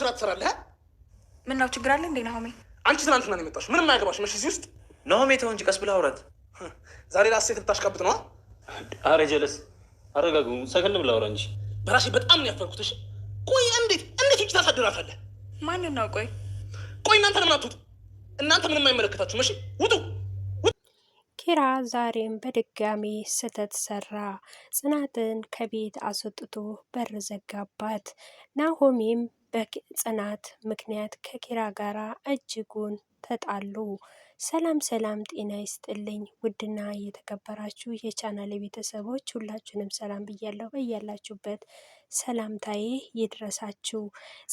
ስራ ትሰራለህ። ምነው ችግር አለ እንዴ ናሆሜ? አንቺ ትናንትና ነው የመጣሽ። ምንም አያገባሽ መሽ እዚህ ውስጥ ናሆሜ፣ ተው እንጂ ቀስ ብለህ አውራት። ዛሬ ላሴት ልታሽቃብጥ ነዋ። አረ ጀለስ አረጋጉ፣ ሰከን ብለህ አውራ እንጂ። በራሴ በጣም ነው ያፈርኩትሽ። ቆይ እንዴት እንዴት እጅ ታሳድራታለህ? ማንን ነው? ቆይ ቆይ እናንተ ለምን አትውጡ? እናንተ ምንም አይመለከታችሁ መሽ ውጡ። ኪራ ዛሬም በድጋሚ ስህተት ሰራ። ጽናትን ከቤት አስወጥቶ በር ዘጋባት። ናሆሜም በጽናት ምክንያት ከኪራ ጋር እጅጉን ተጣሉ። ሰላም ሰላም፣ ጤና ይስጥልኝ ውድና የተከበራችሁ የቻናል ቤተሰቦች ሁላችሁንም ሰላም ብያለሁ። በያላችሁበት ሰላምታዬ ይድረሳችሁ።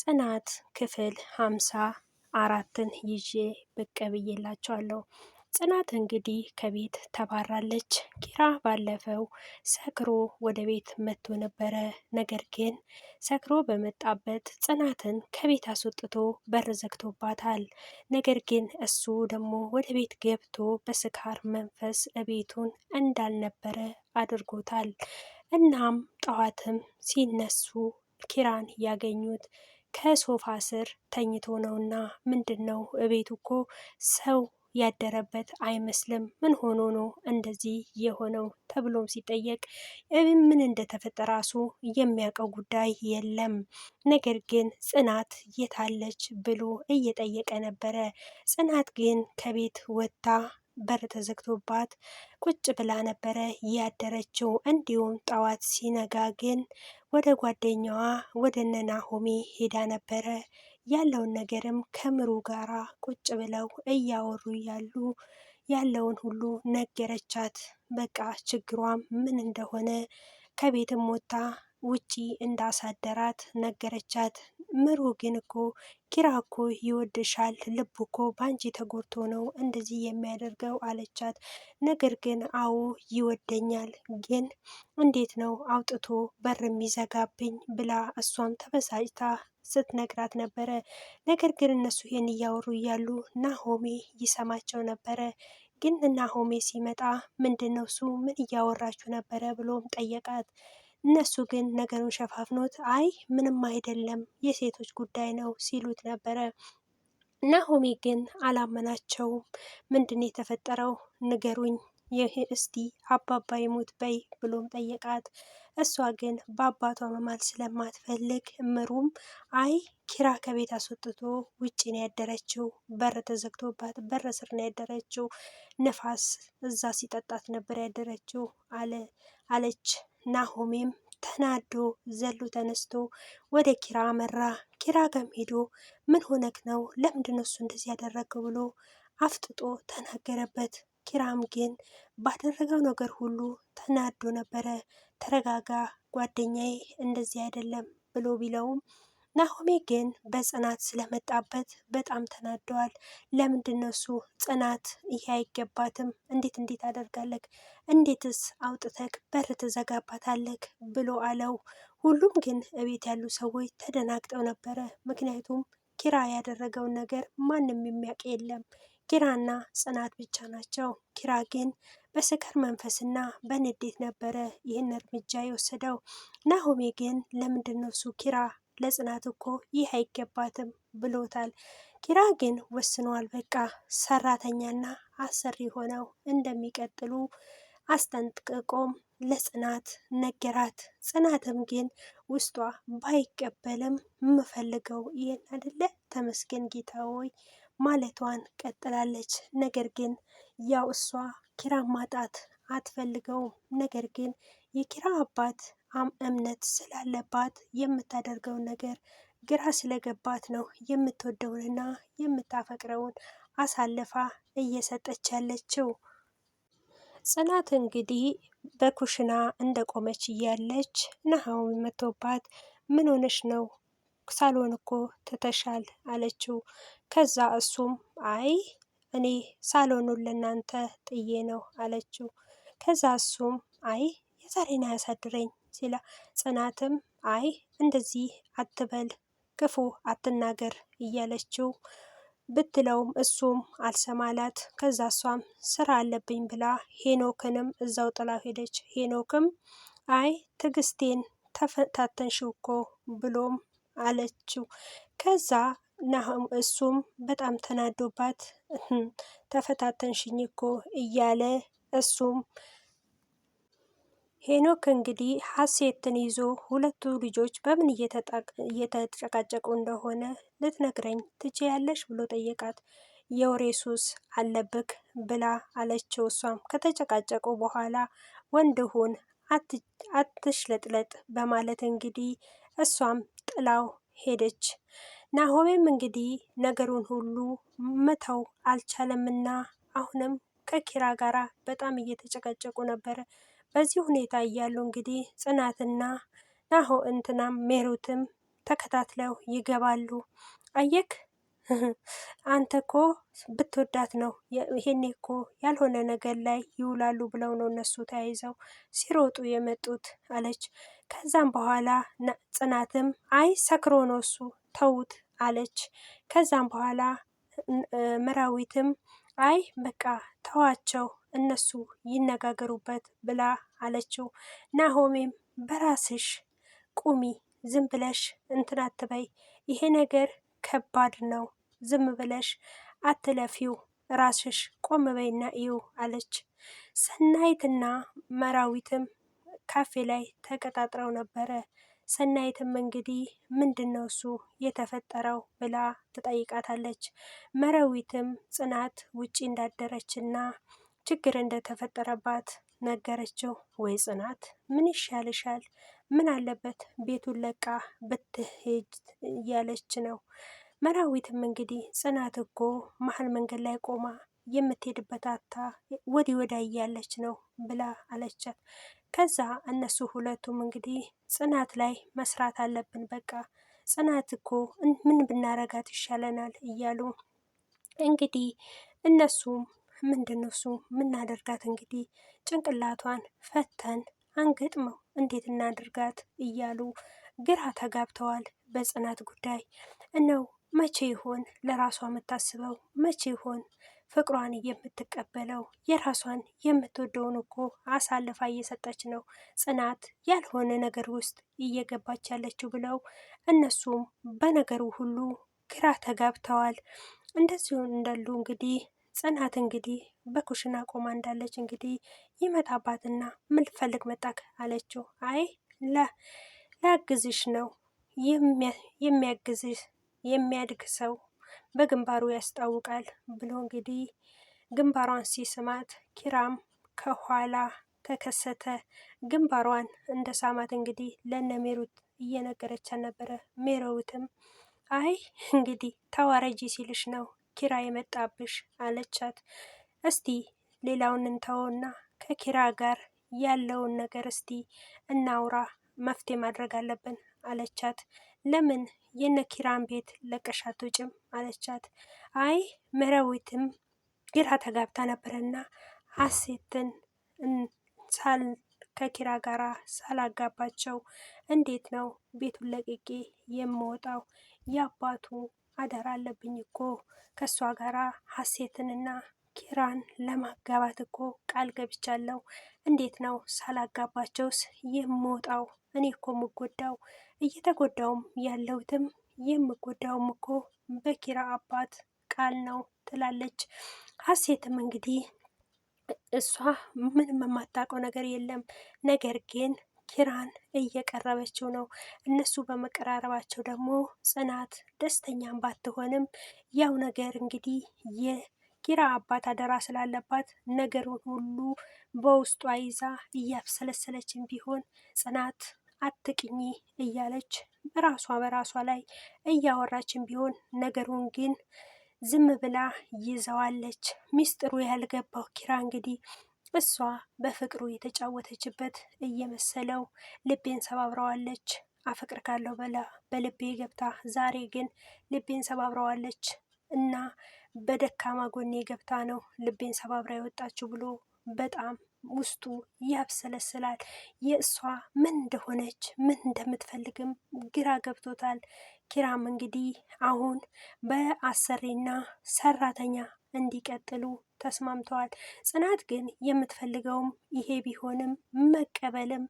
ጽናት ክፍል ሀምሳ አራትን ይዤ ብቅ ብዬላችኋለሁ። ጽናት እንግዲህ ከቤት ተባራለች። ኪራ ባለፈው ሰክሮ ወደ ቤት መጥቶ ነበረ። ነገር ግን ሰክሮ በመጣበት ጽናትን ከቤት አስወጥቶ በር ዘግቶባታል። ነገር ግን እሱ ደግሞ ወደ ቤት ገብቶ በስካር መንፈስ ቤቱን እንዳልነበረ አድርጎታል። እናም ጠዋትም ሲነሱ ኪራን ያገኙት ከሶፋ ስር ተኝቶ ነውና ምንድን ነው እቤት እኮ ሰው ያደረበት አይመስልም። ምን ሆኖ ነው እንደዚህ የሆነው ተብሎም ሲጠየቅ ምን እንደተፈጠረ ራሱ የሚያውቀው ጉዳይ የለም። ነገር ግን ጽናት የታለች ብሎ እየጠየቀ ነበረ። ጽናት ግን ከቤት ወጥታ በር ተዘግቶባት ቁጭ ብላ ነበረ ያደረችው። እንዲሁም ጠዋት ሲነጋ ግን ወደ ጓደኛዋ ወደ ሆሜ ሄዳ ነበረ ያለውን ነገርም ከምሩ ጋር ቁጭ ብለው እያወሩ እያሉ ያለውን ሁሉ ነገረቻት። በቃ ችግሯም ምን እንደሆነ ከቤትም ወጥታ ውጪ እንዳሳደራት ነገረቻት። ምሩ ግን እኮ ኪራ እኮ ይወድሻል ልቡ እኮ ባንቺ ተጎድቶ ነው እንደዚህ የሚያደርገው አለቻት። ነገር ግን አዎ ይወደኛል ግን እንዴት ነው አውጥቶ በር የሚዘጋብኝ ብላ እሷም ተበሳጭታ ስትነግራት ነበረ። ነገር ግን እነሱ ይህን እያወሩ እያሉ ናሆሜ ይሰማቸው ነበረ። ግን ናሆሜ ሲመጣ ምንድን ነው እሱ ምን እያወራችሁ ነበረ ብሎም ጠየቃት። እነሱ ግን ነገሩን ሸፋፍኖት አይ ምንም አይደለም የሴቶች ጉዳይ ነው ሲሉት ነበረ ናሆሚ ግን አላመናቸውም። ምንድን የተፈጠረው ንገሩኝ ይህ እስቲ አባባ ይሙት በይ ብሎም ጠየቃት። እሷ ግን በአባቷ መማል ስለማትፈልግ እምሩም አይ ኪራ ከቤት አስወጥቶ ውጭ ነው ያደረችው፣ በር ተዘግቶባት በር ስር ነው ያደረችው፣ ነፋስ እዛ ሲጠጣት ነበር ያደረችው አለች። ናሆሜም ተናዶ ዘሎ ተነስቶ ወደ ኪራ አመራ። ኪራ ጋም ሄዶ ምን ሆነክ ነው ለምንድነው እሱ እንደዚህ ያደረገው ብሎ አፍጥጦ ተናገረበት። ኪራም ግን ባደረገው ነገር ሁሉ ተናዶ ነበረ። ተረጋጋ ጓደኛዬ፣ እንደዚህ አይደለም ብሎ ቢለውም ናሆሜ ግን በጽናት ስለመጣበት በጣም ተናደዋል። ለምንድን ነው እሱ ጽናት ይሄ አይገባትም፣ እንዴት እንዴት አደርጋለክ፣ እንዴትስ አውጥተክ በር ትዘጋባታለክ ብሎ አለው። ሁሉም ግን እቤት ያሉ ሰዎች ተደናግጠው ነበረ። ምክንያቱም ኪራ ያደረገውን ነገር ማንም የሚያውቅ የለም። ኪራና ጽናት ብቻ ናቸው። ኪራ ግን በስካር መንፈስና በንዴት ነበረ ይህን እርምጃ የወሰደው። ናሆሜ ግን ለምንድን ነው እሱ ኪራ ለጽናት እኮ ይህ አይገባትም ብሎታል። ኪራ ግን ወስኗል። በቃ ሰራተኛና አሰሪ ሆነው እንደሚቀጥሉ አስጠንቅቆም ለጽናት ነገራት። ጽናትም ግን ውስጧ ባይቀበልም የምፈልገው ይህን አይደለ ተመስገን ጌታ ሆይ ማለቷን ቀጥላለች። ነገር ግን ያው እሷ ኪራ ማጣት አትፈልገውም። ነገር ግን የኪራ አባት እምነት ስላለባት የምታደርገው ነገር ግራ ስለገባት ነው የምትወደውንና የምታፈቅረውን አሳልፋ እየሰጠች ያለችው። ጽናት እንግዲህ በኩሽና እንደቆመች እያለች ናሆም መቶባት ምን ሆነሽ ነው ሳሎን እኮ ትተሻል አለችው። ከዛ እሱም አይ እኔ ሳሎኑን ለእናንተ ጥዬ ነው አለችው። ከዛ እሱም አይ የዛሬን አያሳድረኝ ሲላ ጽናትም አይ እንደዚህ አትበል ክፉ አትናገር እያለችው ብትለውም እሱም አልሰማላት። ከዛ እሷም ስራ አለብኝ ብላ ሄኖክንም እዛው ጥላ ሄደች። ሄኖክም አይ ትዕግስቴን ተፈታተንሽው እኮ ብሎም አለችው። ከዛ ናሁም እሱም በጣም ተናዶባት ተፈታተንሽኝ እኮ እያለ እሱም ሄኖክ እንግዲህ ሀሴትን ይዞ ሁለቱ ልጆች በምን እየተጨቃጨቁ እንደሆነ ልትነግረኝ ትችያለሽ ብሎ ጠየቃት። የወሬ ሱስ አለብክ ብላ አለችው። እሷም ከተጨቃጨቁ በኋላ ወንድሁን አትሽለጥለጥ በማለት እንግዲህ እሷም ጥላው ሄደች። ናሆሜም እንግዲህ ነገሩን ሁሉ መተው አልቻለምና አሁንም ከኪራ ጋር በጣም እየተጨቃጨቁ ነበረ። በዚህ ሁኔታ እያሉ እንግዲህ ጽናትና ናሆ እንትናም ሜሮትም ተከታትለው ይገባሉ። አየክ አንተ ኮ ብትወዳት ነው ይሄኔ ኮ ያልሆነ ነገር ላይ ይውላሉ ብለው ነው እነሱ ተያይዘው ሲሮጡ የመጡት አለች። ከዛም በኋላ ጽናትም አይ ሰክሮ ነው እሱ ተዉት አለች። ከዛም በኋላ መራዊትም አይ በቃ ተዋቸው እነሱ ይነጋገሩበት ብላ አለችው። ናሆሜም በራስሽ ቁሚ፣ ዝም ብለሽ እንትን አትበይ፣ ይሄ ነገር ከባድ ነው፣ ዝም ብለሽ አትለፊው፣ ራስሽ ቆም በይና እዩ አለች። ሰናይትና መራዊትም ካፌ ላይ ተቀጣጥረው ነበረ። ሰናይትም እንግዲህ ምንድነው እሱ የተፈጠረው ብላ ትጠይቃታለች። መረዊትም ጽናት ውጪ እንዳደረችና ችግር እንደተፈጠረባት ነገረችው። ወይ ጽናት ምን ይሻልሻል? ምን አለበት ቤቱን ለቃ ብትሄጅ እያለች ነው። መራዊትም እንግዲህ ጽናት እኮ መሀል መንገድ ላይ ቆማ የምትሄድበት አታ ወዲህ ወዲያ እያለች ነው ብላ አለቻት። ከዛ እነሱ ሁለቱም እንግዲህ ጽናት ላይ መስራት አለብን በቃ ጽናት እኮ ምን ብናረጋት ይሻለናል እያሉ እንግዲህ እነሱም ምንድን ነው እሱ ምናደርጋት እንግዲህ ጭንቅላቷን ፈተን አንገጥመው እንዴት እናደርጋት እያሉ ግራ ተጋብተዋል በጽናት ጉዳይ እነው መቼ ይሆን ለራሷ የምታስበው መቼ ይሆን ፍቅሯን የምትቀበለው የራሷን የምትወደውን እኮ አሳልፋ እየሰጠች ነው ጽናት ያልሆነ ነገር ውስጥ እየገባች ያለችው ብለው እነሱም በነገሩ ሁሉ ግራ ተጋብተዋል። እንደዚሁ እንዳሉ እንግዲህ ጽናት እንግዲህ በኩሽና ቆማ እንዳለች እንግዲህ ይመጣባትና ምን ልፈልግ መጣክ አለችው። አይ ላግዝሽ ነው የሚያግዝሽ የሚያድግ ሰው በግንባሩ ያስታውቃል ብሎ እንግዲህ ግንባሯን ሲስማት ኪራም ከኋላ ተከሰተ። ግንባሯን እንደ ሳማት እንግዲህ ለነ ሜሩት እየነገረቻት ነበረ። ሜሮዊትም አይ እንግዲህ ተዋረጂ ሲልሽ ነው ኪራ የመጣብሽ አለቻት። እስቲ ሌላውን እንተወና ከኪራ ጋር ያለውን ነገር እስቲ እናውራ መፍትሄ ማድረግ አለብን አለቻት። ለምን የነ ኪራን ቤት ለቀሻት ውጭም አለቻት። አይ መረዊትም ግራ ተጋብታ ነበረና ሀሴትን ሳል ከኪራ ጋር ሳላጋባቸው እንዴት ነው ቤቱን ለቅቄ የምወጣው? የአባቱ አደራ አለብኝ እኮ ከእሷ ጋር ሀሴትንና ኪራን ለማጋባት እኮ ቃል ገብቻለሁ። እንዴት ነው ሳላጋባቸውስ የምወጣው? እኔ እኮ የምጎዳው እየተጎዳውም ያለሁትም የምጎዳውም እኮ በኪራ አባት ቃል ነው ትላለች። ሀሴትም እንግዲህ እሷ ምንም የማታውቀው ነገር የለም። ነገር ግን ኪራን እየቀረበችው ነው። እነሱ በመቀራረባቸው ደግሞ ጽናት ደስተኛም ባትሆንም ያው ነገር እንግዲህ የኪራ አባት አደራ ስላለባት ነገሩን ሁሉ በውስጧ ይዛ እያብሰለሰለችን ቢሆን ጽናት አትቅኚ እያለች በራሷ በራሷ ላይ እያወራችን ቢሆን ነገሩን ግን ዝም ብላ ይዘዋለች። ሚስጥሩ ያልገባው ኪራ እንግዲህ እሷ በፍቅሩ የተጫወተችበት እየመሰለው ልቤን ሰባብረዋለች ካለው በላ በልቤ ገብታ ዛሬ ግን ልቤን ሰባብረዋለች እና በደካማ ጎኔ ገብታ ነው ልቤን ሰባብራ የወጣችው ብሎ በጣም ውስጡ ያብሰለስላል። የእሷ ምን እንደሆነች ምን እንደምትፈልግም ግራ ገብቶታል። ኪራም እንግዲህ አሁን በአሰሪና ሰራተኛ እንዲቀጥሉ ተስማምተዋል። ጽናት ግን የምትፈልገውም ይሄ ቢሆንም መቀበልም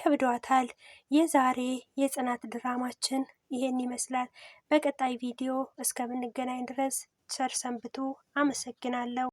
ከብዷታል። የዛሬ የጽናት ድራማችን ይሄን ይመስላል። በቀጣይ ቪዲዮ እስከምንገናኝ ድረስ ቸር ሰንብቱ። አመሰግናለሁ።